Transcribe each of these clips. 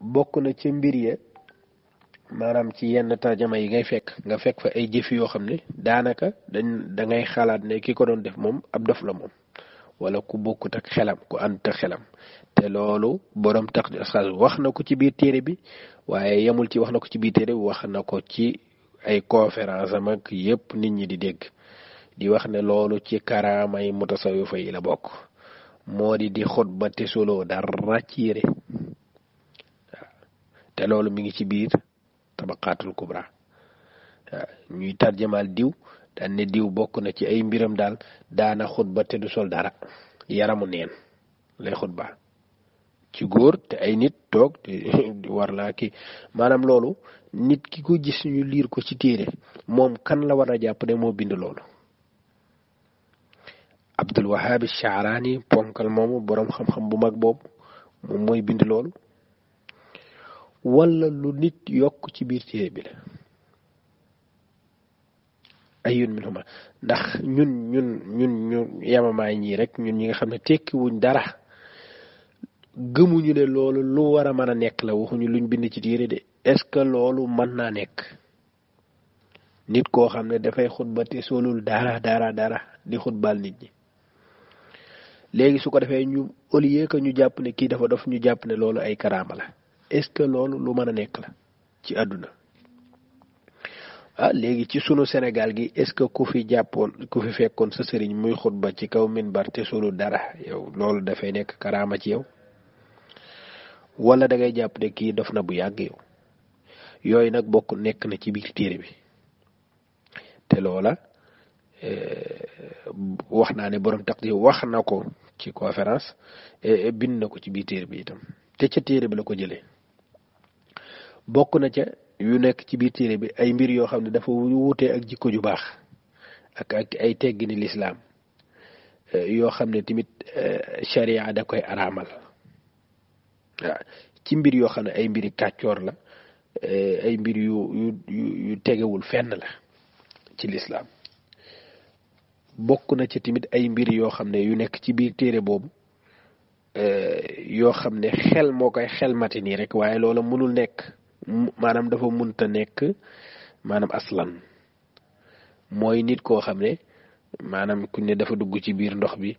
bokk na ci mbir ya maanaam ci yenn tajama yi ngay fekk nga fekk fa ay jëf yoo xam ne daanaka dañ da ngay xalaat ne ki ko doon def moom ab dof la moom wala ku bokkut ak xelam ku ànd ak xelam te loolu borom tax wax na ko ci biir téere bi waaye yemul ci wax na ko ci biir téere bi wax na ko ci ay conférence am ak yépp nit ñi di dégg di wax ne loolu ci karaamay mutasawifa yi la bokk moo di di xot te solo dara yére te loolu mi ngi ci biir tabaqaatul kubra waaw ñuy tarjamaal diw daan ne diw bokk na ci ay mbiram daal daana xutba te du sol dara yaramu neen lay xutba ci góor te ay nit toog di war laa maanaam loolu nit ki ko gis ñu liir ko ci téere moom kan la war a jàpp ne moo bind loolu abdul wahaabi shaaraani ponkal moomu boroom xam-xam bu mag boobu moom mooy bind loolu wala lu nit yokk ci biir téere bi la ayun minhuma ndax ñun ñun ñun ñu yamamaay ñii rek ñun ñi nga xam ne tekkiwuñ dara gëmuñu ne loolu lu war a mën a nekk la waxuñu luñ bind ci téere de est-ce que loolu mën naa nekk nit koo xam ne dafay xutba te solul dara dara dara di xutbaal nit ñi léegi su ko defee ñu au que ñu jàpp ne kii dafa dof ñu jàpp ne loolu ay karaama la est-ce que loolu lu mën a nekk la ci àdduna ah léegi ci sunu Sénégal gi est-ce que ku fi jàppoon ku fi fekkoon sa sëriñ muy xutba ci kaw minbar te sunu dara yow loolu dafay nekk karaama ci yow wala dangay jàpp ne kii def na bu yàgg yow yooyu nag bokk nekk na ci biir téere bi te loola eh, wax naa ne borom taq wax na ko ci conférence eh, bind na ko ci biir téere bi itam te ca téere bi la ko jëlee. bokk na ca yu nekk ci biir téere bi ay mbir yoo xam ne dafa wuute ak jikko ju baax ak ak ay teggini lislaam eh, yoo xam ne tamit eh, sharia da koy araamal waaw ci mbir yoo xam ne ay mbiri kàccoor la eh, ay mbir yu yu tegewul fenn la ci lislaam bokk na ci tamit ay mbir yoo xam ne yu nekk ci biir téere boobu yoo xam ne xel moo koy xel mati nii rek waaye loola mënul nekk maanaam dafa munta nekk maanaam aslan mooy nit koo xam ne maanaam kuñ ne dafa dugg ci biir ndox bi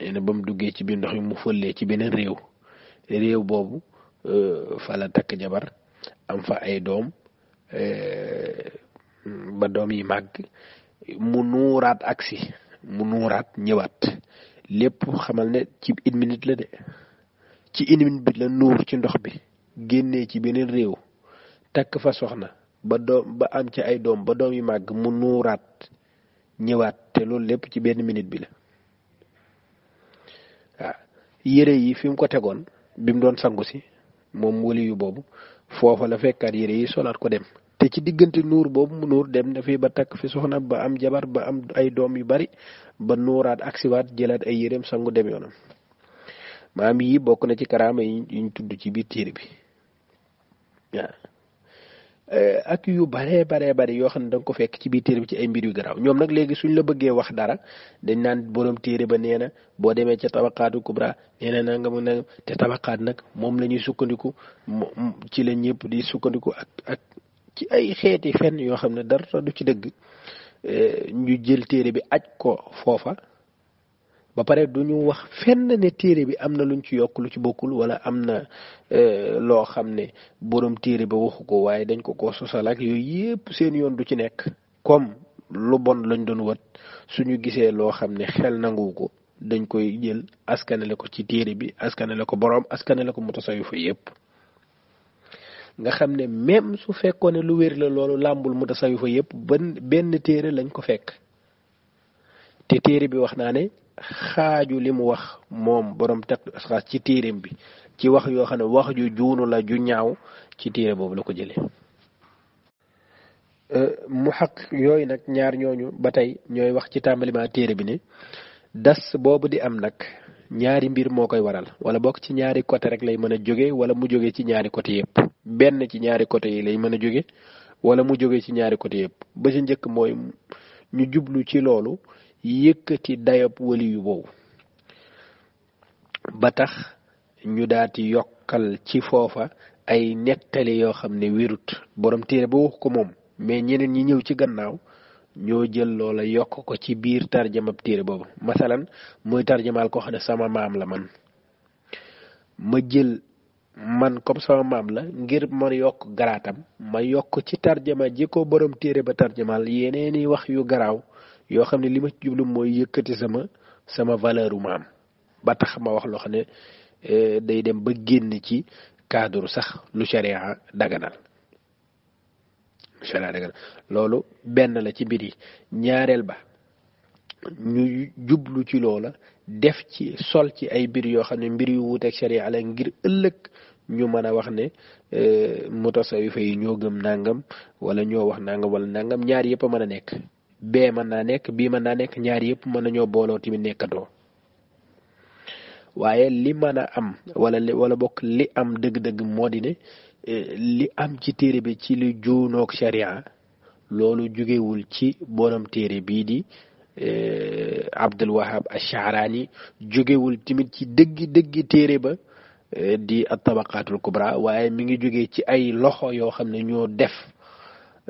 nee ba mu duggee ci biir ndox bi mu fëllee ci beneen réew réew boobu euh, fa la takk jabar am fa ay doom euh, ba doom yi màgg mu nuuraat aksi mu nuuraat ñëwaat lépp xamal ne ci une la de ci une bi la nuur ci ndox bi génnee ci beneen réew takk fa soxna ba doom ba am ci ay doom ba doom yu màgg mu nuuraat ñëwaat te loolu lépp ci benn minute bi la waaw yére yi fi ko tegoon bi doon sangu si moom wali yu boobu foofa la fekkaat yére yi solaat ko dem te ci diggante nuur boobu mu nuur dem dafay ba takk fi soxna ba am jabar ba am ay doom yu bari ba nuuraat ak siwaat jëlaat ay yéreem sangu dem yoonam maam yi bokk na ci karaama yi ñu tudd ci biir téere bi waaw Eh, ak yu baree bare bari yoo xam ne danga ko fekk ci biir téere bi ci ay mbir yu garaaw ñoom nag léegi suñ la bëggee wax dara dañ naan borom téere ba nee na boo demee ca tabaqaatu kubra nee na nanga mu ne te tabakaat nag moom la ñuy sukkandiku ci la ñëpp di sukkandiku ak ak ci ay xeeti fenn yoo xam ne dara du ci dëgg eh, ñu jël téere bi aj ko foofa ba pare du ñu wax fenn ne téere bi am na luñ ci yokk lu ci bokkul wala am na euh, loo xam ne borom téere ba waxu ko waaye dañ ko ko sosal ak yooyu yëpp seen yoon du ci nekk comme lu bon lañ doon wat suñu gisee loo xam ne xel nangu ko dañ koy jël askanale ko ci téere bi askanale ko borom askanele ko fa yëpp nga xam ne même su fekkoon ne lu wér la loolu làmbul mu mutasawifa yëpp ban benn téere lañ ko fekk te téere bi wax naa ne xaaju li mu wax moom borom taqdu asxaas ci téereem bi ci wax yoo xam ne wax ju juunu la ju ñaaw ci téere boobu la ko jëlee euh, mu xaq yooyu nag ñaar ñooñu ba tey ñooy wax ci tàmbalima téere bi ne das boobu di am nag ñaari mbir moo koy waral wala bokk ci ñaari côté rek lay mën a jóge wala mu jóge ci ñaari côté yëpp benn ci ñaari côté yi lay mën a jóge wala mu jóge ci ñaari côté yëpp ba ci njëkk mooy ñu jublu ci loolu yëkkati dayab wali yu wow ba tax ñu daati yokkal ci foofa ay nettali yoo xam ne wérut boroom téere ba wax ko moom mais ñeneen ñi ñëw ci gannaaw ñoo jël loola yokk ko ci biir tarjamab téere boobu masalan mooy tarjamaal ko xam ne sama maam la man ma jël man comme sama maam la ngir ma yokk garaatam ma yokk ci tarjama ji ko borom téere ba tarjamaal yeneeni wax yu garaaw yoo xam ne li ma ci jublu mooy yëkkati sama sama valeur maam ba tax ma wax loo xam ne eh, day dem ba génn ci cadre sax lu sharia daganal lu loolu benn la ci mbir yi ñaareel ba ñu jublu ci loola def ci sol ci ay mbir yoo xam ne mbir yu wuuteeg sharia la ngir ëllëg ñu mën a wax ne eh, mutasawifa yi ñoo gëm ndàngam wala ñoo wax nangam wala nangam ñaar yëpp a mën a nekk bee mën naa nekk bii mën naa nekk ñaar yëpp mën nañoo booloo tamit nekkatoo waaye li mën a am wala li wala bokk li am dëgg-dëgg moo di ne eh, li am ci téere bi ci lu juunoog sharia loolu jógewul ci borom téere bii di eh, Abdul Wahab Ash-Sha'rani jógewul tamit ci dëggi dëggi téere ba eh, di at-Tabaqaatul Kubra waaye mi ngi jóge ci ay loxo yoo xam ne ñoo def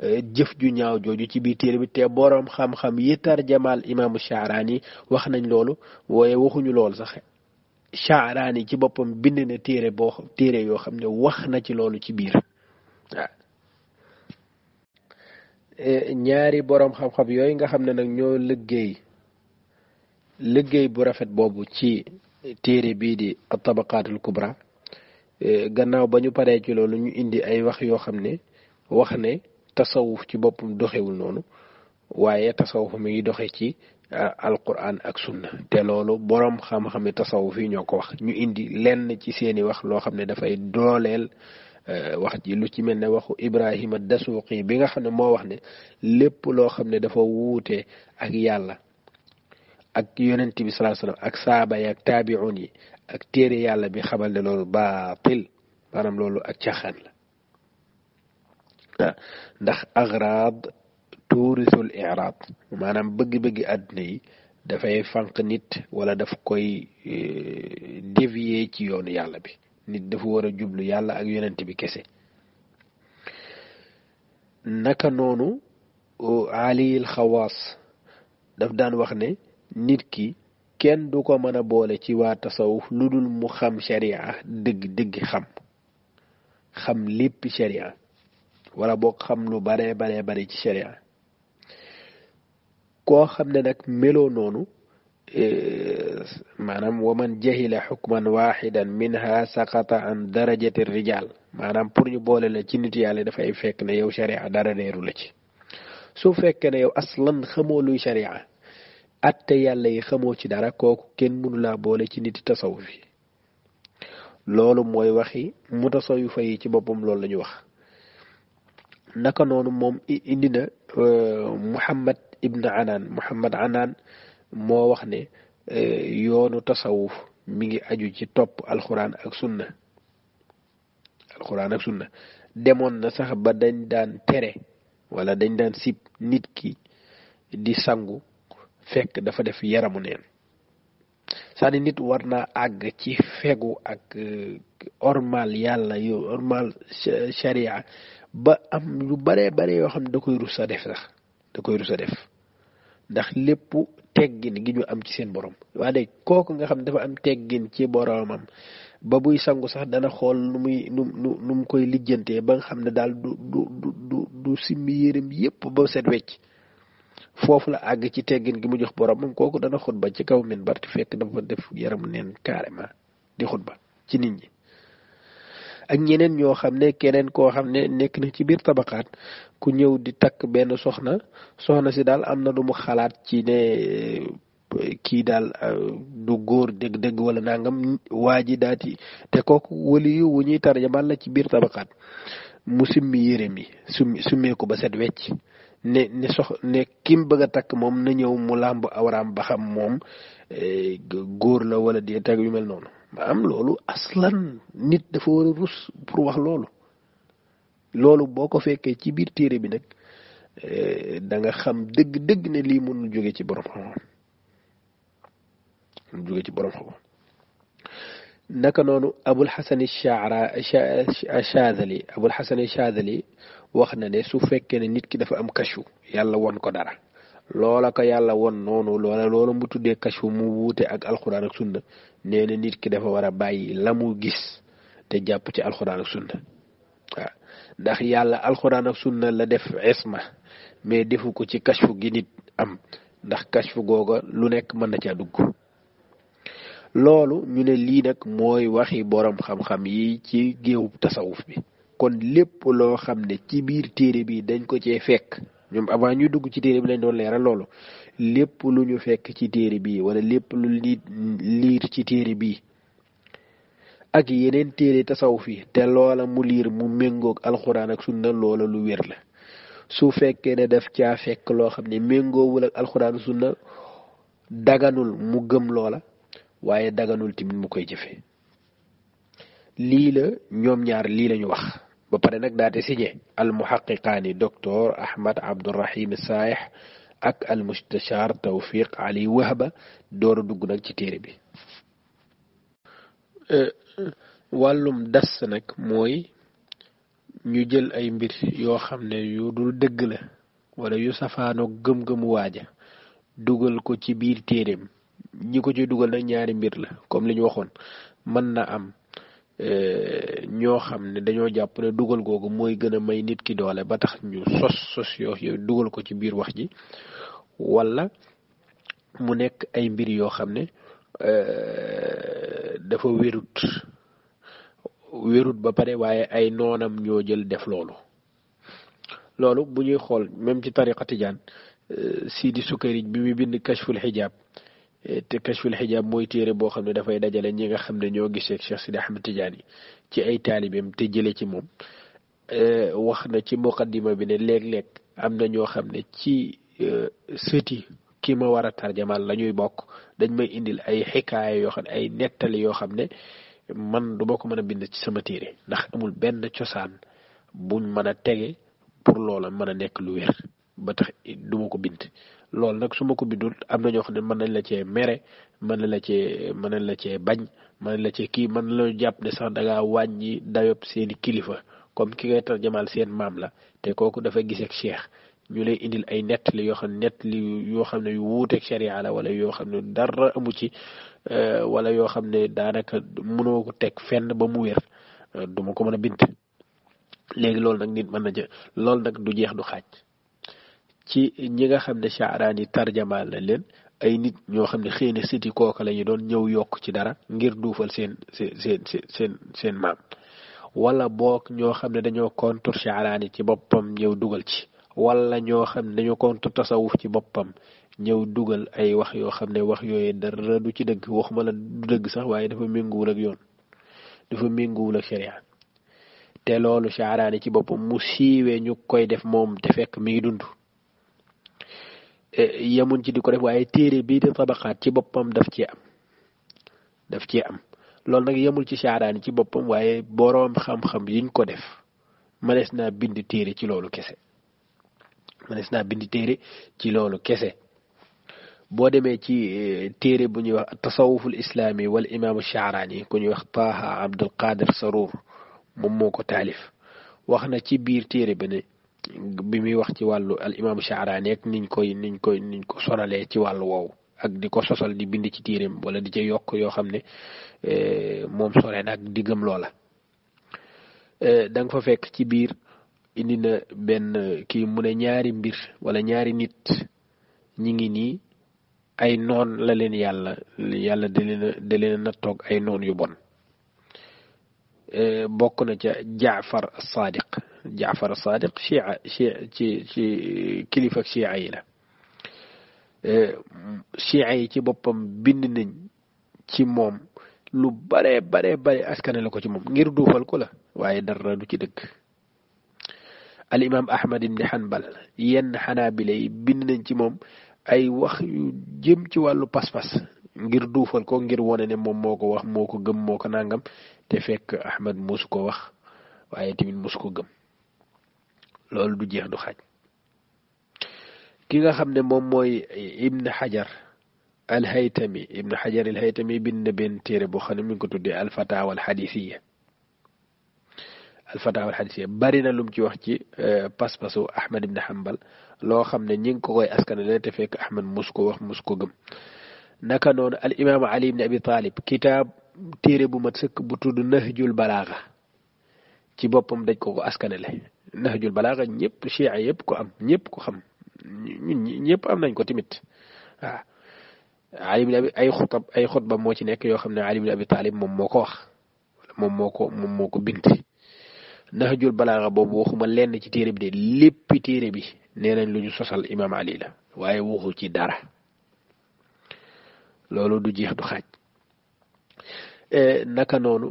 Eh, jëf ju ñaaw jooju ci biir téere bi te boroom xam-xam yi tarjamaal imaamu Shaaraani wax nañ loolu waaye waxuñu lool sax Shaaraani ci boppam bind na téere boo téere yoo xam ne wax na ci loolu ci biir eh, ñaari boroom xam yooyu nga xam ne nag ñoo liggéey liggéey bu rafet boobu ci téere bii di tabaqaatul kubra eh, gannaaw ba ñu paree ci loolu ñu indi ay wax yoo xam ne wax ne tasawuf ci boppam doxewul noonu waaye tasawuf mi ngi doxe ci alquran ak sunna te loolu boroom xam-xami tasawuf yi ñoo ko wax ñu indi lenn ci seeni wax loo xam ne dafay dooleel e, wax ji lu ci mel ne waxu Ibrahima Dasuuqi bi nga xam ne moo wax ne lépp loo xam ne dafa wuute ak yàlla ak yonent bi salaa salaam ak saaba yi ak taabiun yi ak téere yàlla bi xamal ne loolu baatil maanaam loolu ak caaxaan la ndax agrad tuurisul irad maanaam bëgg-bëgg àdduna yi dafay fànq nit wala daf koy e, dévier ci yoonu yàlla bi nit dafa war a jublu yàlla ak yonent bi kese naka noonu aliyil xawaas daf daan wax ne nit ki kenn du ko mën a boole ci waa tasawuf lu dul mu xam sharia dëgg dëgg xam xam lépp sharia wala boo xam lu baree bare bari ci sharia koo xam ne nag meloo noonu e, maanaam wa man jahila xukman waxidan minha saqata an darajati rijal maanaam pour ñu boole la ci nit yàlla dafay fekk na yow sharia dara réeru la ci su fekkee ne yow aslan xamoo luy sharia atte yàlla yi xamoo ci dara kooku kenn mënu laa boole ci nit tasaw yi loolu mooy waxi mu tasawufa yi ci boppam loolu la ñu wax naka noonu moom indi na euh, Muhammad Ibn Anaan Muhammad Anaan moo wax ne euh, yoonu tasawuf mi ngi aju ci topp alxuraan ak sunna alxuraan ak sunna demoon na sax ba dañ daan tere wala dañ daan sib nit ki di sangu fekk dafa def yaramu neen saani nit war naa àgg ci fegu ak euh, ormal yàlla yu ormal sharia ba am yu baree bare yoo xam ne da koy rus a def sax da koy rus a def ndax lépp teggin gi ñu am ci seen borom waa léegi kooku nga xam dafa am teggin ci boromam ba buy sangu sax dana xool nu muy nu nu nu mu koy lijjantee ba nga xam ne daal du du du du simmi yéreem yépp ba set wecc foofu la àgg ci teggin gi mu jox boromam kooku dana xutba ci kaw minbar te fekk dafa def yaram neen carrément di xutba ci nit ñi ak ñeneen ñoo xam ne keneen koo xam ne nekk na ci biir tabaxaat ku ñëw di takk benn soxna soxna si daal am na dumu xalaat ci ne kii daal du góor dëgg-dëgg wala nangam waa ji daati te kooku wali yu wu ñuy tarjamal la ci biir tabaxaat mu simmi yére mi summi ko ba set wecc ne ne sox ne kim bëgg a takk moom na ñëw mu làmb awraam ba xam moom eh, góor la wala di teg yu mel noonu maanaam loolu aslan nit dafa war a rus pour wax loolu loolu boo ko fekkee ci biir téere bi nag eh, da nga xam dëgg-dëgg ne lii mënul jóge ci borom xam-xam mënul jóge ci borom xam naka noonu abul xasan shaara shaadali abul xasan shaadali wax na ne su fekkee ne nit ki dafa am kashu yàlla won ko dara loola ko yàlla won noonu loola loola mu tuddee kashfu mu wuute ak alxuraan ak sunna nee nit ki dafa war a bàyyi la mu gis te jàpp ci alxuraan ak sunna ndax yàlla alxuraan ak sunna la def isma mais defu ko ci kashfu gi nit am ndax kashfu googa lu nekk mën na caa dugg loolu ñu ne lii nag mooy waxi boroom xam-xam yi ci géewub tasawuf bi kon lépp loo xam ne ci biir téere bi dañ ko cee fekk ñoom avant ñuy dugg ci téere bi lañ doon leeral loolu lépp lu ñu fekk ci téere bi wala lépp lu li liir ci téere bi ak yeneen téere tasawuf yi te loola mu liir mu méngook alxuraan ak sunna loola lu wér la su fekkee ne def caa fekk loo xam ne méngoowul ak alxuraan sunna daganul mu gëm loola waaye daganul tamit mu koy jëfe lii la ñoom ñaar lii lañu wax ba pare nag daate signé al muhaqiqaani docteur Ahmad Abdourahim Saayex ak al mustachar Tawfiq Ali Wahba door a dugg nag ci téere bi. Euh, wàllum das nag mooy ñu jël ay mbir yoo xam ne yu dul dëgg la wala yu safaanoo gëm-gëmu waaja dugal ko ci biir téereem ñi ko ci dugal nag ñaari mbir la comme li ñu waxoon mën na am. Euh, ñoo xam ne dañoo jàpp ne dugal googu mooy gën a may nit ki doole ba tax ñu sos sos yooyu dugal ko ci biir wax ji wala mu nekk ay mbir yoo xam ne euh, dafa wérut wérut ba pare waaye ay noonam ñoo jël def loolu loolu bu ñuy xool même ci tariqa tijaan euh, Sidi Sukari bi muy bind kashful xijaab Eh, te kashful xijaab mooy téere boo xam ne dafay dajale ñi nga xam ne ñoo gisee Cheikh Sidi Ahmed Tidiane ci ay taalibeem te jële ci moom eh, wax na ci muqaddima bi ne léeg-léeg am na ñoo xam ne ci eh, sëti ki ma war a tarjamal la ñuy bokk dañ may indil ay xikaaya yoo xam ne ay nettali yoo xam ne man du ma ko mën a bind ci sama téere ndax amul benn cosaan buñ mën a tege pour loola mën a nekk lu wér ba tax du ko bind loolu nag su ma ko bindul am na ñoo xam ne mën nañ la cee mere mën nañ la cee mën nañ la cee bañ mën nañ la cee kii mën nañ la jàpp ne sax da wàññi dayob seeni kilifa comme ki ngay tarjamaal seen maam la te kooku dafa gis ak cheikh ñu lay indil ay nettali yoo xam ne nettali yoo xam ne yu wuuteeg sharia la wala yoo xam ne dara amu ci euh, wala yoo xam ne daanaka mënoo ko teg fenn ba mu wér euh, duma ko mën a bind léegi loolu nag nit mën na jë loolu nag du jeex du xaaj ci ñi nga xam ne chaaraan yi tarjamaal na leen ay nit ñoo xam ne xëy na siti lañu doon ñëw yokk ci dara ngir duufal seen seen seen seen maam wala book ñoo xam ne dañoo contre chaaraan yi ci boppam ñëw dugal ci wala ñoo xam ne dañoo contre tasawuf ci boppam ñëw dugal ay wax yoo xam ne wax yooyu dara du ci dëgg waxuma la du dëgg sax waaye dafa ménguwul ak yoon dafa ménguwul ak sharia te loolu chaaraan yi ci boppam mu siiwee ñu koy def moom te fekk mi ngi dund Eh, yemuñ ci di ko def waaye téere bii di tabaqaat ci boppam daf cee am daf cee am loolu nag yemul ci saaraani ci boppam waaye boroom xam-xam yiñ ko def mënees naa bind téere ci loolu kese mënees naa bind téere ci loolu kese boo demee ci eh, téere bu ñuy wax tasawuful islaami wala imaamu saaraani ku ñuy wax taaha abdul qadir sarur moom moo ko taalif wax na ci biir téere bi bi muy wax ci walu al imam sha'rani ak niñ koy niñ koy niñ ko soralee ci walu wow ak di sosal di bind ci tiirim wala di ca yok yo xam euh e, mom sore nak ak diggam loola e, dang nga fa fekk ci bir indi na ben ki mu ne ñaari mbir wala ñaari nit ñi ngi ni ay non la leen yalla yàlla da leen leen tok ay non yu bon Eh, bokk na ca jaafar saadiq jaafar saadiq chia chia ci ci kilifa ak chia yi la chia eh, ci boppam bind nañ ci moom lu bare bare bare askane la ko ci moom ngir duufal ko la waaye dara du ci dëkk al imaam ahmad ibni hanbal yenn xanaabila yi bind nañ ci moom ay wax yu jëm ci wàllu pas-pas ngir duufal ko ngir wone ne moom moo ko wax moo ko gëm moo ko nàngam te fekk Ahmad mosu ko wax waaye tamit mosu ko gëm loolu du jeex du xaaj ki nga xam ne moom mooy Ibn Hajar al-Haytami Ibn Hajar al-Haytami bind na benn téere boo xam ne mi ngi ko tuddee al-Fatawa al-Hadithiyya al-Fatawa al-Hadithiyya bari na lum ci wax ci pas-pasu Ahmad Ibn Hanbal loo xam ne ñi ngi ko koy le te fekk Ahmad mosu ko wax mosu ko gëm naka noonu al-Imam Ali Ibn Abi Talib kitaab. téere bu mat sëkk bu tudd Nahjul Balaaga ci boppam daj ko ko askanele Nahjul Balaaga ñëpp chia yëpp ko am ñëpp ko xam ñun am nañ ko tamit waaw Ali bin Abi ay xutab ay xutba moo ci nekk yoo xam ne Ali bin Abi Taalib moom moo ko wax moom moo ko moom moo ko bint Nahjul Balaaga boobu waxuma lenn ci téere bi de léppi téere bi nee nañ lu ñu sosal imaam Ali la waaye waxu ci dara loolu du jeex du xaaj Eh, naka noonu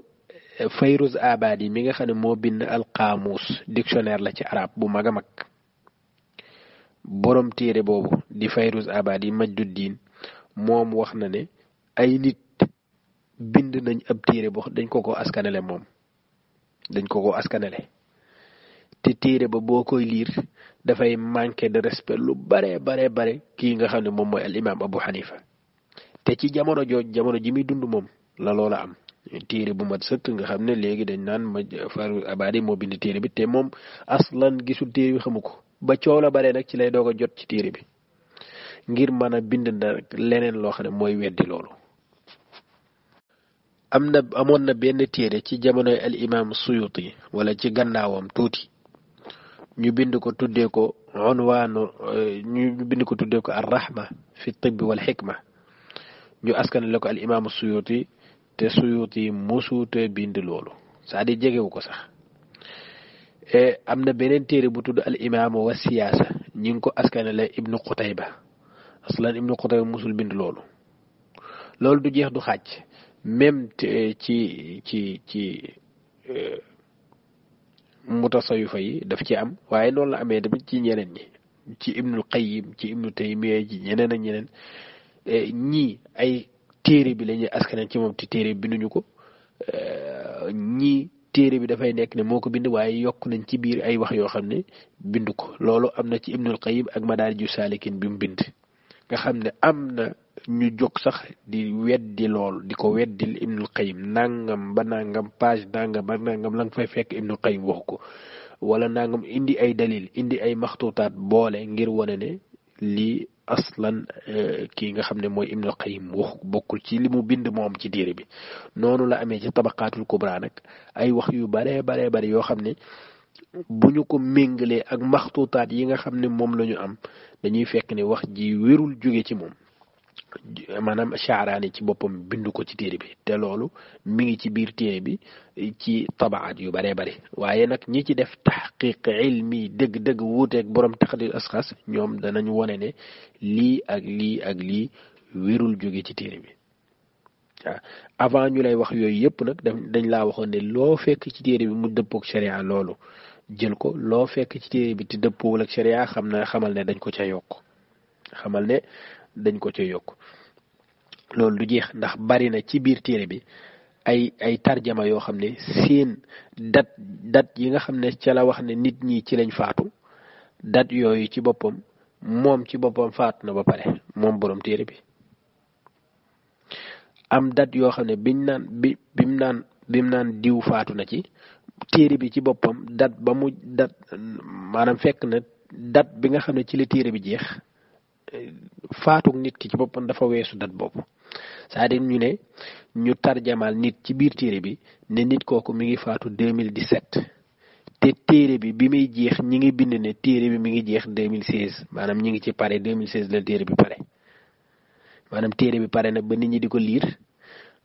eh, fayruz abadi mi nga xam ne moo bind alqaamuus dictionnaire la ci arab bu mag a mag borom téere boobu di fayruz abadi diin moom wax na ne ay nit bind nañ ab téere boo dañ ko ko askanale moom dañ ko ko askanale te téere ba boo koy liir dafay manqué de respect lu bare bare bare kii nga xam ne moom mooy al imam abu xanifa te ci jamono jooj jamono ji muy dund moom la loola am téere bu mat sëkk nga xam ne léegi dañ naan ma faru abadi moo bind téere bi te moom aslan gisul téere bi xamu ko ba coow la bare nag ci lay doog a jot ci téere bi ngir mën a bind nag leneen loo xam ne mooy weddi loolu am na amoon na benn téere ci jamonoy al imam yi wala ci gannaawam tuuti ñu bind ko tuddee ko unwaanu ñu ko tuddee ko ar rahma fi tibbi wal xikma ñu askanale ko al imam suyuti te suyuti mosuute bind loolu saa di jegewu ko sax e, am na beneen téere bu tudd al imaama wa siyaasa ñi ngi ko askanale ibnu Qutayba aslan ibnu Qutayba mosul bind loolu loolu du jeex du xàcc même ci ci ci e, mutasawwifa yi daf ci am waaye noonu la amee tamit ci ñeneen ñi ci ibnul Qayyim ci ibnu Taymiya ci ñeneen ak ñeneen e, ñii ay téere bi la ñuy ci moom te téere bi binduñu ko euh, ñi téere bi dafay nekk ne moo ko bind waaye yokk nañ ci biir ay wax yoo xam ne bind ko loolu am na ci ibnul qayim ak ju saalikin bi mu bind nga xam ne am na ñu jóg sax di weddi lool di ko weddil ibnul qayim nangam ba nangam page nangam ba nangam langa nga fay fekk ibnul qayim wax ko wala nangam indi ay dalil indi ay maxtuutaat boole ngir wane ne lii aslan euh, kii nga xam ne mooy Ibnu Qayyim wax bokkul ci li mu bind moom ci déere bi noonu la amee ci tabaqaatul kubra nag ay wax yu baree baree bari yoo xam ne bu ñu ko méngalee ak maxtuutaat yi nga xam ne moom la ñu am dañuy fekk ne wax ji wérul jóge ci moom maanaam Sha'raani ci boppam bindu ko ci téere bi te loolu mu ngi ci biir téere bi ci tabaat yu bëree bëri waaye nag ñi ci def taxqiq ilmi dëgg-dëgg wuuteeg borom taqdir asxas ñoom danañu wone ne lii ak lii ak lii wérul jóge ci téere bi waaw avant ñu lay wax yooyu yëpp nag dañ laa waxoon ne loo fekk ci téere bi mu dëppook sharia loolu jël ko loo fekk ci téere bi te dëppoowul ak sharia xam na xamal ne dañ ko ca yokk xamal ne dañ ko ci yokk loolu du jeex ndax bari na ci biir téere bi ay ay tarjama yoo xam ne seen dat dat yi nga xam ne ca la wax ne nit ñi ci lañ faatu dat yooyu ci boppam moom ci boppam faatu na ba pare moom boroom téere bi am dat yoo xam ne biñ naan bim naan bim naan diw faatu na ci téere bi ci boppam dat ba mu dat maanaam fekk na dat bi nga xam ne ci la téere bi jeex faatug nit ki ci boppam dafa weesu dat boobu saa à ñu ne ñu tarjamaal nit ci biir téere bi ne nit kooku mu ngi faatu 2017 te téere bi bi muy jeex ñi ngi bind ne téere bi mu ngi jeex 2016 maanaam ñi ngi ci pare 2016 la téere bi pare maanaam téere bi pare na ba nit ñi di ko liir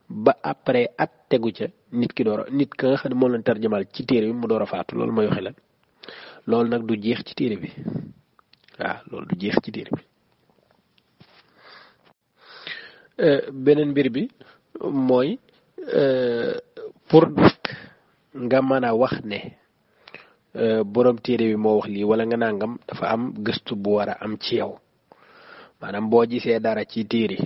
ba après at tegu ca nit ki door a nit ka nga xam ne moom lañ tarjamaal ci téere bi mu door a faatu loolu mooy waxi la loolu nag du jeex ci téere bi waaw loolu du jeex ci téere bi beneen mbir bi mooy euh, pour nga mën a wax ne euh, borom téere bi moo wax lii wala nga nangam dafa am gëstu bu war a am ci yow maanaam boo jisee dara ci téere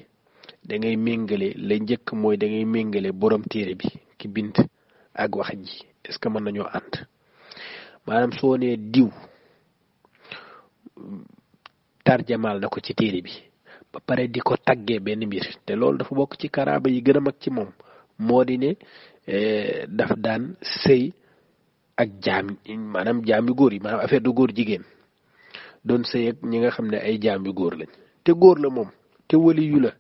da ngay méngale la njëkk mooy da ngay méngale borom téere bi ki bind ak wax ji est-ce que mën nañoo ànd maanaam soo nee diw tarjamaal na ko ci téere bi ba pare di ko ben mbir te lolou dafa bok ci karaba yi gën a ci mom modi ne euh daf daan sey ak jami manam jami yu yi manam affaire du góor jigen don sey ak ñi nga xamne ay jami yu lañ te góor la mom te wali yu la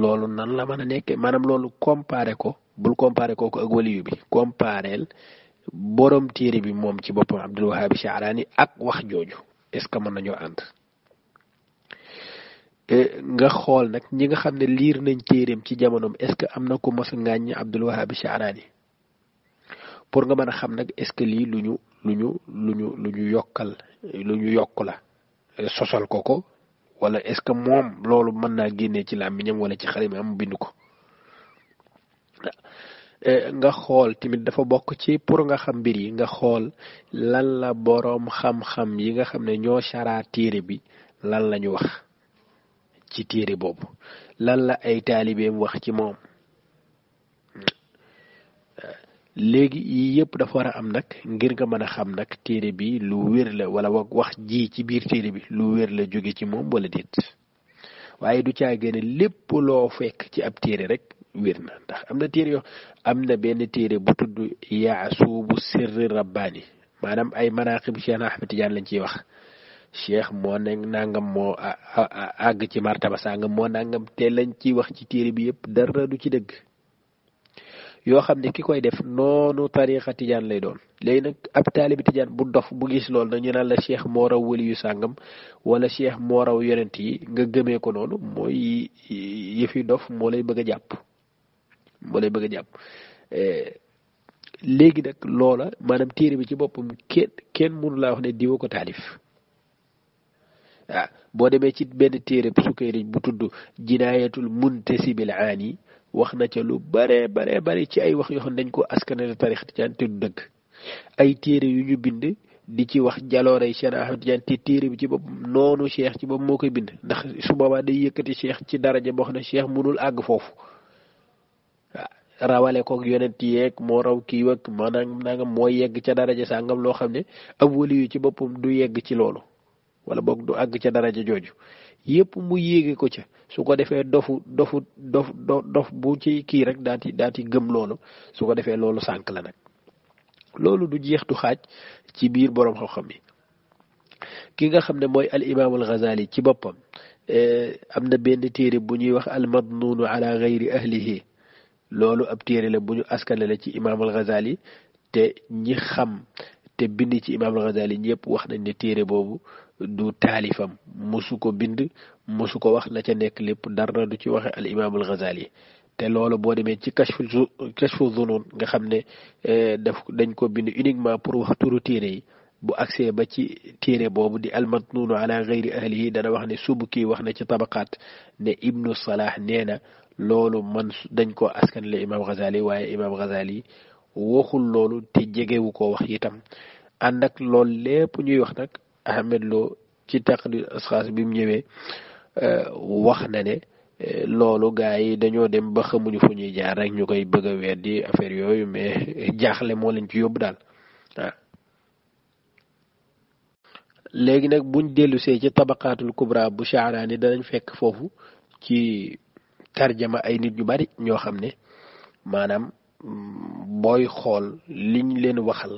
lolou nan la mën a manam lolou comparer ko bul comparer ko ak yu bi compareel borom téere bi mom ci bopam Abdul Wahab sha'rani ak wax joju est ce que Eh, nga xool nag ñi nga xam ne liir nañ téeréem ci jamono est-ce que am na ku mos a ŋàññi Abdul Wahab Sha'rani pour nga mën a xam nag est-ce que lii lu ñu lu ñu lu ñu lu ñu yokkal lu ñu yokk la eh, sosal ko ko wala est-ce que moom loolu mën naa génnee ci làmmiñam wala ci mi am bind ko eh, nga xool tamit dafa bokk ci pour nga xam mbir yi nga xool lan la boroom xam-xam yi nga xam ne ñoo saraa téere bi lan la ñu wax. ci téere boobu lan la ay taalibeem wax ci moom léegi yépp dafa war a am nag ngir nga mën a xam nag téere bi lu wér la wala wax ji ci biir téere bi lu wér la jóge ci moom wala déet waaye du caa gën lépp loo fekk ci ab téere rek wér na ndax am na téere yoo am na benn téere bu tudd yaasuubu sirri rabbaani maanaam ay manaqib Cheikh Ahmed Tidiane lañ ciy wax cheikh mo ne nangam mo ag ci martaba sàngam mo nangam te lañ ci wax ci téré bi yépp dara du ci dëgg yoo xam ne ki koy def noonu tariqa tijaan lay doon léegi nag ab taalibi tijaan bu dof bu gis loolu nag ñu naan la cheikh moo raw wali yu sàngam wala cheikh moo raw yonent yi nga gëmee ko noonu mooy yëfi dof moo lay bëgg a jàpp moo lay bëgg a jàpp e, léegi nag loola maanaam téere bi ci boppam kenn kenn mënu laa wax ne diwa ko taalif Ah, boo demee ci benn téere Sukayri bu tudd jinaayatul muntasibil yi wax na ca lu bare bare bare ci ay wax yoo xam dañ ko askanale tarix Tijaan te du dëgg ay téere yu ñu bind di ci wax jaloore yi Cheikh Ahmed Tidiane te téere bi ci bopp noonu cheikh ci bopp moo koy bind ndax su boobaa day yëkkati cheikh ci daraja boo xam ne mënul àgg foofu waaw ah, rawale koog yeeg moo kii wag maanaam nangam moo yegg ca daraja sàngam loo xam ne ab wali yu ci boppam du yegg ci loolu wala boog du àgg ca daraja jooju yépp mu yéege ko ca su ko defee dofu dofu dof dof bu ci kii rek daati daati gëm loolu su ko defee loolu sànq la nag loolu du jeex du xaaj ci biir boroom xam-xam yi ki nga xam ne mooy al imaamul Ghazali ci boppam eh, am na benn téere bu ñuy wax al madnunu ala gayri ahlihi loolu ab téere la bu ñu askane la ci imaamul Ghazali te ñi xam te bind ci imaamul Ghazali ñëpp wax nañ ne téere boobu du taalifam mosu ko bind mosu ko wax na ca nekk lépp dara du ci waxe al imaamul Ghazali te loolu boo demee ci kashfu kashfu zunun nga xam ne eh, daf dañ ko bind uniquement pour wax turu téere yi bu agsee ba ci téere boobu di almatnuunu ala gayri ahlihi dana wax ne subu kii wax na ci tabaqaat ne ibnu Salah nee na loolu man dañ ko askan la imaam Ghazali waaye imaam Ghazali waxul loolu te jegewu ko wax itam ànd ak lépp ñuy wax nag Ahmed Lo ci taqrir asxaas bi mu ñëwee euh, wax na ne euh, loolu gars yi dañoo dem ba xamuñu fu ñuy jaar rek ñu koy bëgg a di affaire yooyu mais jaaxle moo leen ci yóbbu daal léegi nag buñ dellusee ci tabakaatul kubra bu Sha'raani danañ fekk foofu ci karjama ay nit ñu bari ñoo xam ne maanaam booy xool liñ leen waxal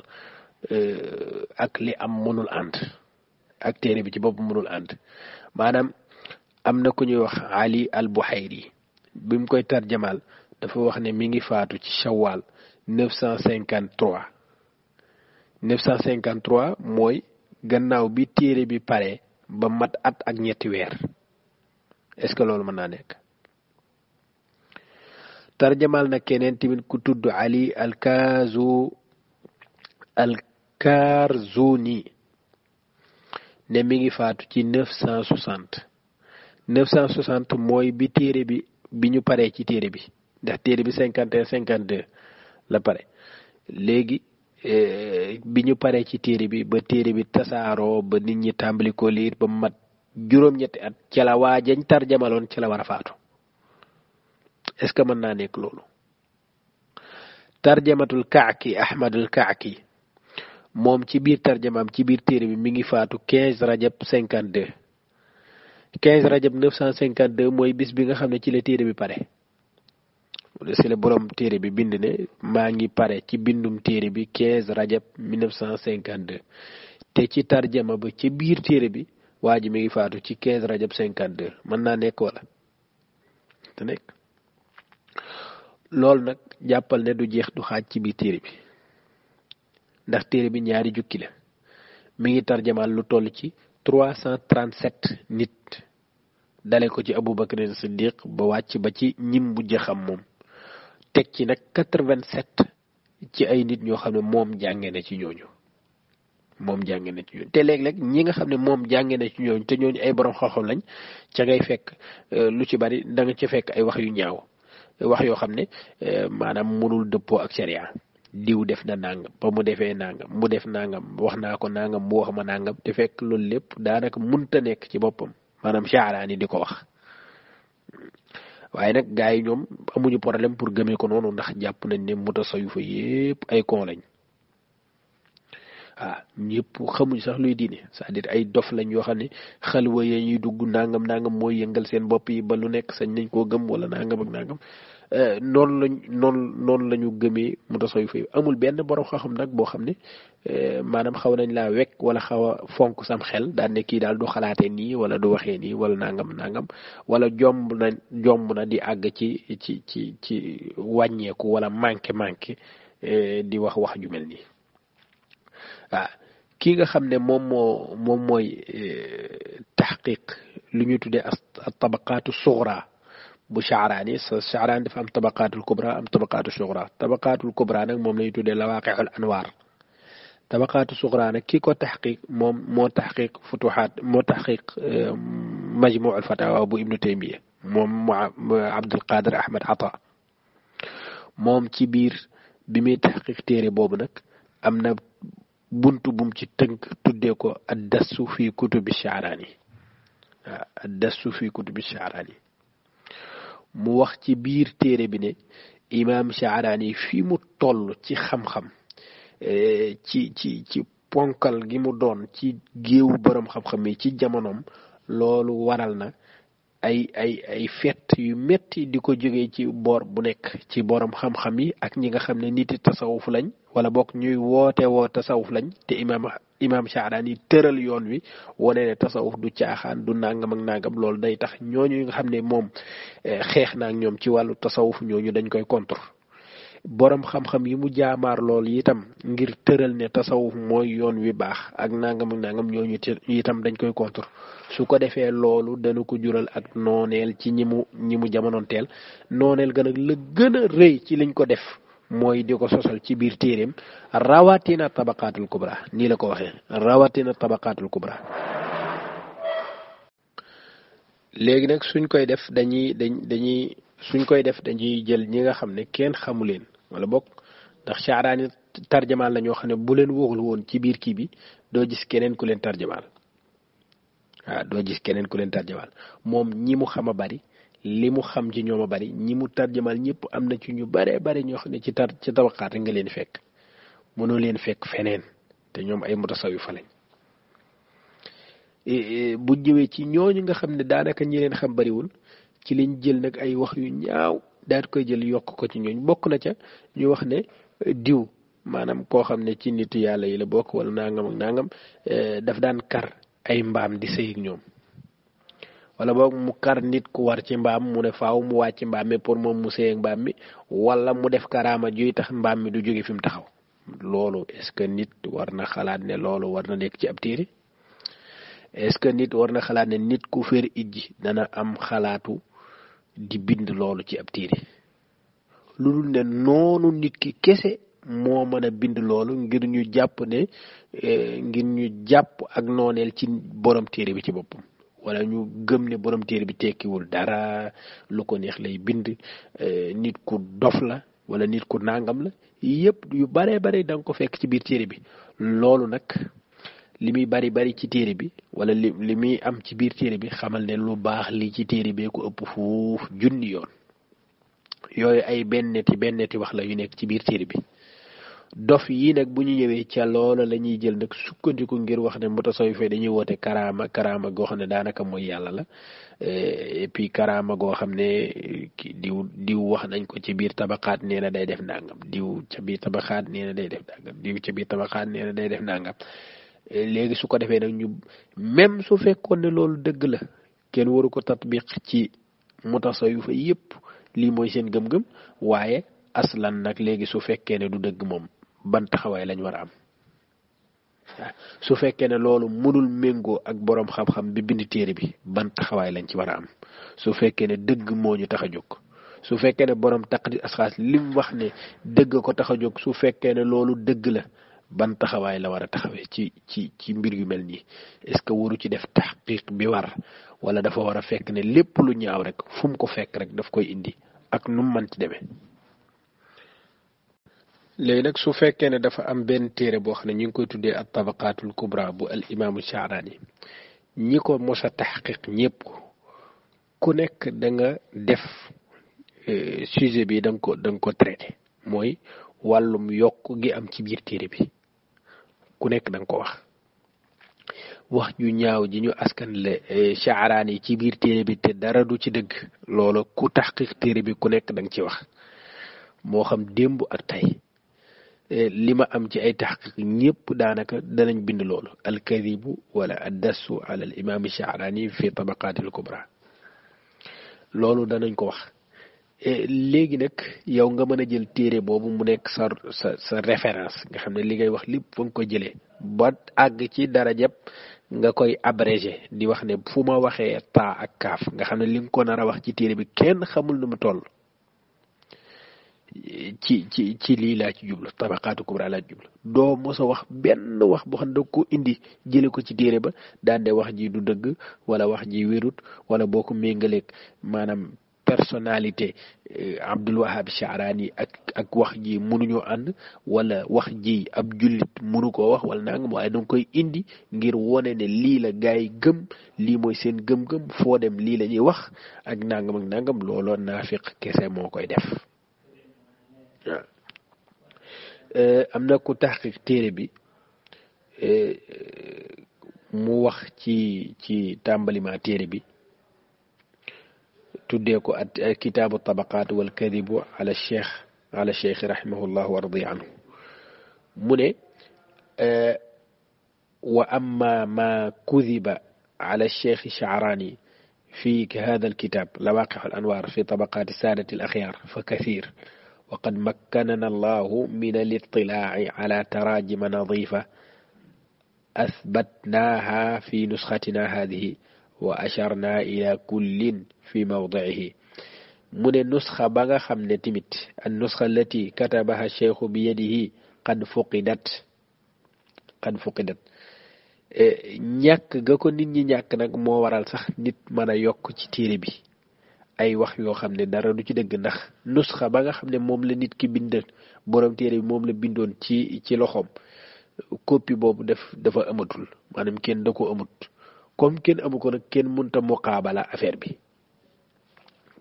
euh, ak li am mënul ànd ak téere bi ci bopp mënul ànd maanaam am na ku ñuy wax ali al buxayri bi mu koy tarjamaal dafa wax ne mi ngi faatu ci shawal 953 953 mooy gannaaw bi téere bi pare ba mat at ak ñetti weer est-ce que loolu mën naa nekk tarjamaal na keneen tamit ku tudd ali al kaazu al nii ne mi ngi faatu ci 960 960 mooy bi téere bi bi ñu paree ci téere bi ndax téere bi 51 52 la pare léegi eh, bi ñu paree ci téere bi ba téere bi tasaaroo ba nit ñi tàmbali ko liir ba mat juróom-ñetti at ca la waa jañ tarjamaloon ca la war a faatu est-ce que mën naa nekk loolu tarjamatul kaaki ahmadul kaaki mom ci biir tarjamaam ci biir téere bi mi ngi faatu 15 rajab 52 15 rajab 952 mooy bis bi nga xam ne ci la téere bi pare si la borom téere bi bind ne maa ngi pare ci bindum téere bi 15 rajab 1952 te ci tarjama ba ci biir téere bi waa mi ngi faatu ci 15 rajab 52 mën naa nekk wala te nekk loolu nag jàppal ne du jeex du xaaj ci biir téere bi ndax téere bi ñaari jukki la mi ngi tarjamaal lu toll ci 337 nit dale ko ci Abu Bakr Siddiq ba wàcc ba ci ñim bu jëxam moom teg ci nag 87 ci ay nit ñoo xam ne moom jànge na ci ñooñu moom jànge na ci te léeg-léeg ñi nga xam ne moom jànge na ci ñooñu te ñooñu ay borom xam lañ ca ngay fekk euh, lu ci bari da nga ca fekk ay wax yu ñaaw wax yoo xam ne euh, maanaam mënul dëppoo ak sharia diw def na nangam ba mu defee nangam mu def nangam wax naa ko nangam mu wax ma nangam te fekk loolu lépp daanaka munta nekk ci boppam maanaam caaraani di ko wax waaye nag gars yi ñoom amuñu problème pour gëmee ko noonu ndax jàpp nañ ne muta sayu fa yépp ay kon lañ ah ñepp xamuñ sax luy diine c'est-à-dire ay dof lañ yoo xam ne xalwa ya ñuy dugg nangam nangam mooy yëngal seen bopp yi ba lu nekk sañ nañ koo gëm wala nangam ak nangam Euh, noonu lañ noonu noonu la ñu gëmee mutasawif yi amul benn borom xam nag boo xam ne euh, maanaam xaw nañ laa wekk wala xaw a fonk sam xel daan kii daal du xalaatee nii wala du waxee nii wala nangam nangam wala jomb na jomb na di àgg ci ci ci ci wàññeeku wala manqué manqué euh, di wax wax ju mel nii waaw kii nga xam ne moom moo moom mooy taxqiq lu ñu tuddee ak tabakaatu suxra بشعراني الشعران دي فهم طبقات الكبرى أم طبقات الصغرى طبقات الكبرى نك موم لي تودي لواقع الأنوار طبقات الصغرى نك كيكو تحقيق موم مو تحقيق فتوحات مو تحقيق مجموع الفتاوى أبو ابن تيمية موم عبد القادر أحمد عطاء موم بير بمي تحقيق تيري بوب نك أمنا بنتو بمشي تنك تديكو الدسو في كتب الشعراني آه، الدسو في كتب الشعراني mu wax ci biir téere bi ne imaam Sha'raani fi mu toll ci xam-xam eh, ci ci ci ponkal gi mu doon ci géewu boroom xam-xam yi ci jamonoom loolu waral na ay ay ay fett yu metti di ko jóge ci boor bu nekk ci boroom xam-xam yi ak ñi nga xam ne nit tasawuf lañ wala bokk ñuy woote woo tasawuf lañ te imaam imaam Shaaraani tëral yoon wi wane ne tasawuf du caaxaan du nangam nàngam nangam loolu day tax ñooñu nga xam ne moom eh, xeex naa ak ñoom ci wàllu tasawuf ñooñu dañ koy contre borom xam-xam yi mu jaamaar lool itam ngir tëral ne tasawuf mooy yoon wi baax ak nangam ak nangam ñooñu itam dañ koy contre su ko defee loolu dana ko jural ak nooneel ci ñi mu ñi mu jamonoonteel nooneel gën a la gën a rëy ci lañ ko def. mooy di ko sosal ci biir téeréem rawatina tabaqaatul kubra nii la ko waxee rawatina tabaqaatul kubra léegi nag suñ koy def dañuy dañuy suñ koy def dañuy jël ñi nga xam ne kenn xamu leen wala bokk ndax caaraani tarjamaal la ñoo xam ne bu leen waxul woon ci biir kii bi doo gis keneen ku leen tarjamaal waaw doo gis keneen ku leen tarjamaal moom ñi mu xam a bari li mu xam ci ñoom a bari ñi mu tarjamal ñëpp am na ci ñu baree bari ñoo xam ne ci tar ci tabaqaate nga leen fekk mënoo leen fekk feneen te ñoom ay mutasawifa lañ eh, eh, bu ñëwee ci ñooñu nga xam ne daanaka ñi leen xam bariwul ci lañ jël nag ay wax yu ñaaw daal koy jël yokk ko ci ñooñ bokk na ca ñu wax ne eh, diw maanaam koo xam ne ci nit yàlla yi la bokk wala nangam ak nangam daf daan kar ay mbaam di sëy ñoom wala boog mu kar nit ku war ci mbaam mu ne faaw mu wàcc mbaam mi pour moom mu seeyeg mbaam mi wala mu def karaama juy tax mbaam mi du jóge fi mu taxaw loolu est-ce que nit war na xalaat ne loolu war na nekk ci ab téere est-ce que nit war na xalaat ne nit ku fér ijji dana am xalaatu di bind loolu ci ab téere lu dul ne noonu nit ki kese moo mën a bind loolu ngir ñu jàpp ne eh, ngir ñu jàpp ak nooneel ci borom téere bi ci boppam wala ñu gëm ne borom téere bi tekkiwul dara lu ko neex lay bind euh, nit ku dof la wala nit ku nangam la yépp yu baree bari da ko fekk ci biir téere bi loolu nag li muy bari bari ci téere bi wala li muy am ci biir téere bi xamal ne lu baax li ci téere bee ko ëpp fuuf junni yoon yooyu ay benneti benneti wax la yu nekk ci biir téere bi dof yi nag bu ñu ñëwee ca loola la ñuy jël nag sukkandiku ngir wax ne mutasawif yi dañuy woote karaama karaama goo xam ne daanaka mooy yàlla la eh, et puis karaama goo xam ne diw diw wax nañ ko ci biir tabaxaat nee na day def nangam diw ca biir tabaxaat nee na day def nangam diw ca biir tabaxaat nee na day def nangam eh, léegi su ko defee nag ñu même su fekkoon ne loolu dëgg la kenn waru ko tatbiq ci mutasawif yépp lii mooy seen gëm-gëm waaye aslan nag léegi su fekkee ne du dëgg moom. ban taxawaay lañ war a am su fekkee ne loolu mënul méngoo ak boroom xam-xam bi bind téere bi ban taxawaay lañ ci war a am su fekkee ne dëgg moo ñu tax a jóg su fekkee ne boroom as asxaas lim wax ne dëgg ko tax a jóg su fekkee ne loolu dëgg la ban taxawaay la war a taxawee ci ci ci mbir yu mel nii est-ce que waru ci def taxqiq bi war wala dafa war a fekk ne lépp lu ñaaw rek fu mu ko fekk rek daf koy indi ak nu mu mën ci demee léegi nag su fekkee ne dafa am benn téere boo xam ne ñu ngi koy tuddee at tabaqaatul kubra bu al imaamu Sha'raani ñi ko mos a taxqiq ñëpp ku nekk danga def e, sujet bi da ko da ko traité mooy wàllum yokk gi am ci biir téere bi ku nekk danga ko wax wax ju ñaaw ji ñu askan la e, Sha'raani yi ci biir téere bi te dara du ci dëgg loola ku taxqiq téere bi ku nekk danga nga ci wax moo xam démb ak tey Eh, li ma am ci ay taxqiq ñëpp daanaka danañ bind loolu alkadibu wala addassu ala al imam shaarani fi tabaqaati al kubra loolu danañ ko wax eh, léegi nag yow nga mën a jël téere boobu mu nekk sa sa sa référence nga xam ne li ngay wax lépp fa nga ko jëlee ba àgg ci darajab nga koy abrégé di wax ne fu ma waxee taa ak kaaf nga xam ne li nga ko nar a wax ci téere bi kenn xamul nu mu toll ci ci ci lii laa ci jublu tabaqaatu kubra laa ci jublu doo mos wax benn wax boo xam da ko indi jële ko ci téere ba daan de wax ji du dëgg wala wax ji wérut wala boo ko méngaleeg maanaam personnalité eh, Abdul Wahab Sha'rani ak ak wax ji mënuñoo ànd wala wax ji ab jullit mënu koo wax wala nangam waaye danga koy indi ngir wone ne lii la gaa yi gëm lii mooy seen gëm-gëm foo dem lii la ñuy wax ak nangam ak nangam looloo naafiq kese moo koy def am na ku taxqiq téere bi mu wax ci ci tàmbalima téere bi tuddee ko at kitaabu tabaqaat wal kadibu ala cheikh ala cheikh rahimahullah wa radi anhu mu ne wa amma ma kudiba ala cheikh shaaraani في هذا الكتاب لواقح الأنوار في طبقات سادة الأخيار فكثير وقد مكننا الله من الاطلاع على تراجم نظيفة أثبتناها في نسختنا هذه وأشرنا إلى كل في موضعه من النسخة بغا خمنة تمت النسخة التي كتبها الشيخ بيده قد فقدت قد فقدت إيه، ñàkk ga ko nit ñi ñàkk nag moo waral sax nit mën a yokk ci téere bi ay wax yoo xam ne dara du ci dëgg ndax nusxa ba nga xam ne moom la nit ki bind borom téere bi moom la bindoon ci ci loxoom copie boobu def dafa amatul maanaam kenn da ko amut comme kenn amu ko nag kenn mënta muqaabala affaire bi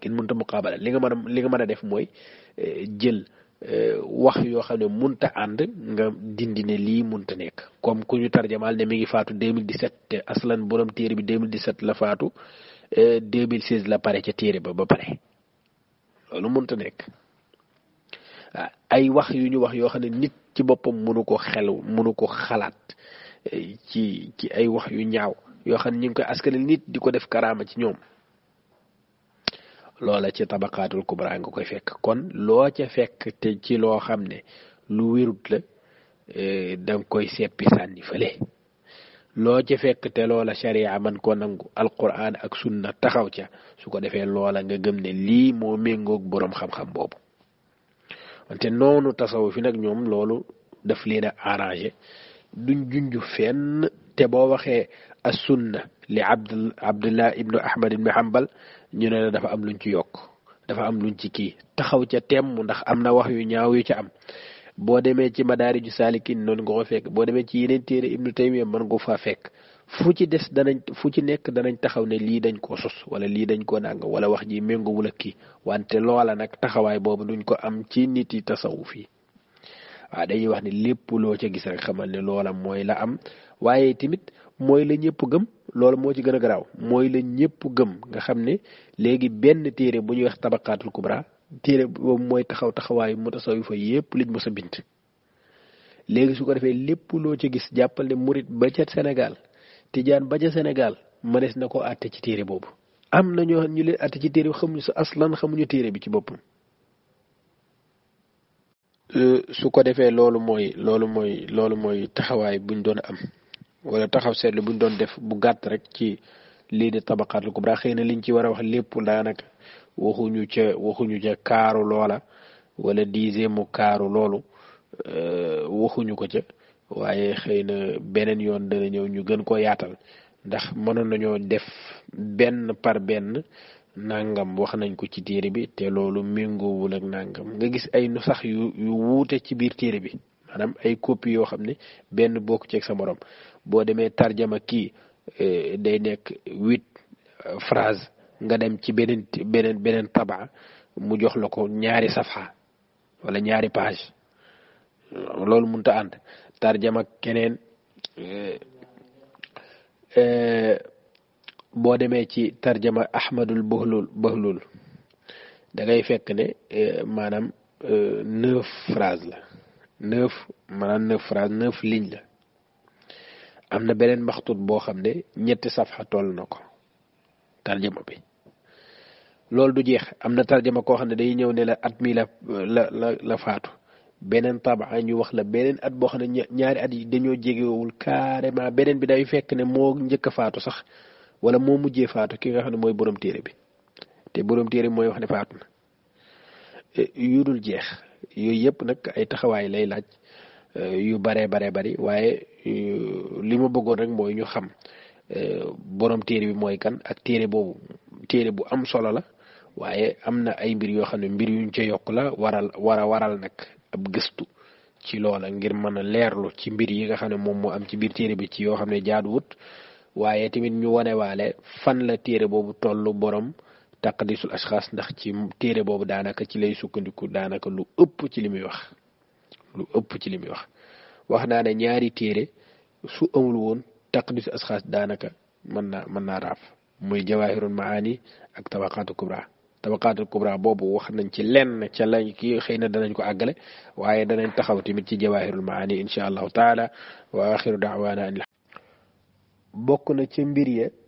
kenn mënta muqaabala li nga mën a li nga mën a def mooy eh, jël eh, wax yoo xam ne munta ànd nga dindi ne lii munta nekk kom ku ñu tarjamaal ne mi ngi faatu 2017 te aslan borom téere bi 2017 la faatu 2016 euh, la pare ca téere ba ba pare loolu mënta nekk ah, ay wax yu ñu wax yoo xam ne nit ci boppam mënu ko xel mënu ko xalaat eh, ci ci ay wax yu ñaaw yoo xam ne ñu ngi koy askane nit di ko def karaama ci ñoom loola ca tabaqaatul kubra nga koy fekk kon loo ca fekk te ci loo xam ne lu wérut la eh, danga koy seppi sànni fële loo ci fekk te loola sharia man ko nangu alquran ak sunna taxaw ca su ko defee loola nga gëm ne lii moo méngoog boroom xam-xam boobu wante noonu tasawu fi nag ñoom loolu def leen a arrangé duñ junj fenn te boo waxee as sunna li abd abdullah ibnu ahmad ibnu hambal ñu ne la dafa am luñ ci yokk dafa am luñ ci kii taxaw ca temm ndax am na wax yu ñaaw yu ca am boo demee ci madaari ju saalikin noonu nga ko fekk boo demee ci yeneen téere ibnu taymiya mën nga faa fekk fu ci des danañ fu ci nekk danañ taxaw ne lii dañ koo sos wala lii dañ ko nàng wala wax ji méngoowul ak kii wante loola nag taxawaay boobu duñ ko am ci nit yi tasawuf fii waaw ah, dañuy wax ni lépp loo ca gis rek xamal ne loola mooy la am waaye tamit mooy la ñëpp gëm loolu moo ci gën a garaaw mooy la ñëpp gëm nga xam ne léegi benn téere bu ñuy wax tabaqaatul kubra téere boobu mooy taxaw taxawaayu yu mutasawifa yépp liñ mës a bind léegi su ko defee lépp loo ci gis jàppale ne murit ba ca Sénégal tijaan ba ca Sénégal mënees na ko àtte ci téere boobu am na ñoo xam ñu leen àtte ci téere bi xamuñu sa aslan xamuñu téere bi ci boppam euh, su ko defee loolu mooy loolu mooy loolu mooy taxawaay buñ doon am wala taxaw seetlu buñ doon def bu gàtt rek ci lii di tabaqaatul kubra xëy na liñ ci war a wax lépp daanaka waxuñu ca waxuñu ca kaaru loola wala dixième mu kaaru loolu euh, waxuñu ko ca waaye xëy na beneen yoon dana ñëw ñu gën ko yaatal ndax mënoon nañoo def benn par benn nangam wax nañ ko ci téere bi te loolu méngoowul ak nangam nga gis ay nu sax yu yu wuute ci biir téere bi maanaam ay copie yoo xam ne benn bokk ceeg sa morom boo demee tarjama kii euh, day nekk huit phrase nga dem ci beneen beneen beneen taba mu jox la ko ñaari safxa walla ñaari page loolu mënut a ànd tarjama keneen eh, eh, boo demee ci tarjama ahmadul bahlul bahlul fekk ne eh, maanaam neuf phrase la neuf maanaam neuf phrase neuf ligne la am na beneen maxtut boo xam ne ñetti safxa toll na ko tarjama bi loolu du jeex am na tarjama koo xam ne day ñëw ne la at mi la la faatu beneen tabaa ñu wax la beneen at boo xam ne ñaari at yi dañoo jegewul carrément beneen bi day fekk ne moo njëkk a faatu sax wala moo mujjee faatu ki nga xam ne mooy boroom téere bi te borom téere mooy wax ne faatu na e, yu dul jeex yooyu yëpp nag ay taxawaay lay laaj e, yu baree baree bari waaye e, li ma bëggoon rek mooy ñu xam boroom téere bi mooy kan ak téere boobu téere bu am solo la waaye am na ay mbir yoo xam ne mbir yuñ ca yokk la waral war a waral nag ab gëstu ci loola ngir mën a leerlu ci mbir yi nga xam ne moom moo am ci biir téere bi ci yoo xam ne jaaduwut waaye tamit ñu wanewaale fan la téere boobu tollu borom taqdisul ashxaas ndax ci téere boobu daanaka ci lay sukkandiku daanaka lu ëpp ci li muy wax lu ëpp ci li muy wax wax naa ne ñaari téere su amul woon taqdisul ashxaas daanaka mën naa mën naa raaf muy jawaahirul maani ak tabaqaatu kubra tabaqat al kubra bobu wax nañ ci lenn ci lañ ki xeyna danañ ko agalé waye danañ taxaw timit ci jawahirul maani insha Allah taala wa akhiru da'wana an bokk na ci mbir ya